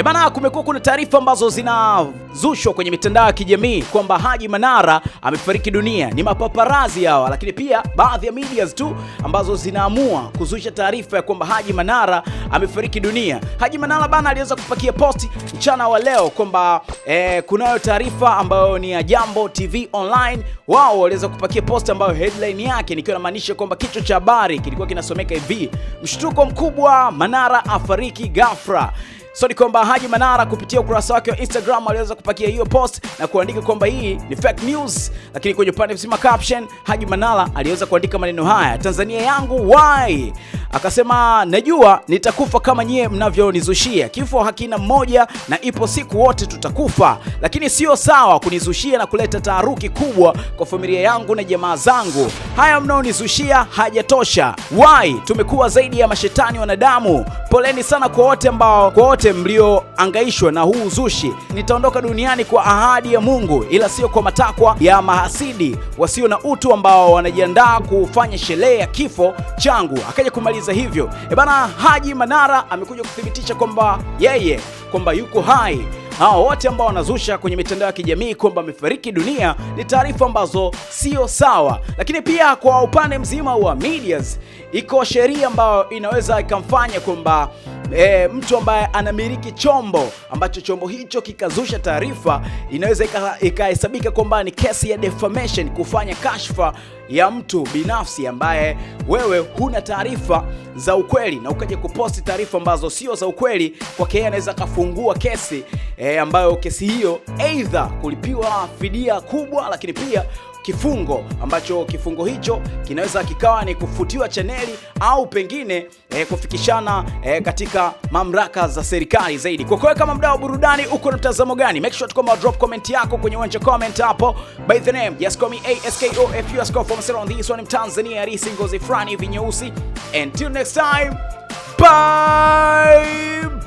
E bana, kumekuwa kuna taarifa ambazo zinazushwa kwenye mitandao ya kijamii kwamba Haji Manara amefariki dunia. Ni mapaparazi hawa, lakini pia baadhi ya medias tu ambazo zinaamua kuzusha taarifa ya kwamba Haji Manara amefariki dunia. Haji Manara bana aliweza kupakia posti mchana wa leo kwamba e, kunayo taarifa ambayo ni ya Jambo TV Online. Wao waliweza kupakia posti ambayo headline yake nikiwa namaanisha kwamba kichwa cha habari kilikuwa kinasomeka hivi: mshtuko mkubwa, Manara afariki ghafla. So ni kwamba Haji Manara kupitia ukurasa wake wa Instagram aliweza kupakia hiyo post na kuandika kwamba hii ni fake news, lakini kwenye upande mzima caption Haji Manara aliweza kuandika maneno haya, Tanzania yangu why akasema, najua nitakufa kama nyie mnavyonizushia. Kifo hakina mmoja, na ipo siku wote tutakufa, lakini sio sawa kunizushia na kuleta taharuki kubwa kwa familia yangu na jamaa zangu. Haya mnaonizushia hajatosha, Why tumekuwa zaidi ya mashetani wanadamu. Poleni sana kwa wote ambao, kwa wote mlioangaishwa na huu uzushi. Nitaondoka duniani kwa ahadi ya Mungu, ila sio kwa matakwa ya mahasidi wasio na utu ambao wanajiandaa kufanya sherehe ya kifo changu. Akaja kumaliza kuuliza hivyo. Ebana, Haji Manara amekuja kuthibitisha kwamba yeye kwamba yuko hai hawa wote ambao wanazusha kwenye mitandao ya kijamii kwamba amefariki dunia ni taarifa ambazo sio sawa. Lakini pia kwa upande mzima wa medias, iko sheria ambayo inaweza ikamfanya kwamba E, mtu ambaye anamiliki chombo ambacho chombo hicho kikazusha taarifa inaweza ikahesabika kwamba ni kesi ya defamation, kufanya kashfa ya mtu binafsi ambaye wewe huna taarifa za ukweli na ukaja kuposti taarifa ambazo sio za ukweli. Kwake yeye anaweza akafungua kesi e, ambayo kesi hiyo aidha kulipiwa fidia kubwa, lakini pia kifungo ambacho kifungo hicho kinaweza kikawa ni kufutiwa chaneli au pengine e, kufikishana e, katika mamlaka za serikali zaidi. Kwa kweli, kama mdau burudani, uko na mtazamo gani? Make sure kwamba drop comment yako kwenye uwanja comment hapo, by the name yes call me ASKOFU as call from Salon this one Tanzania risingo zifrani hivi nyeusi. Until next time, bye.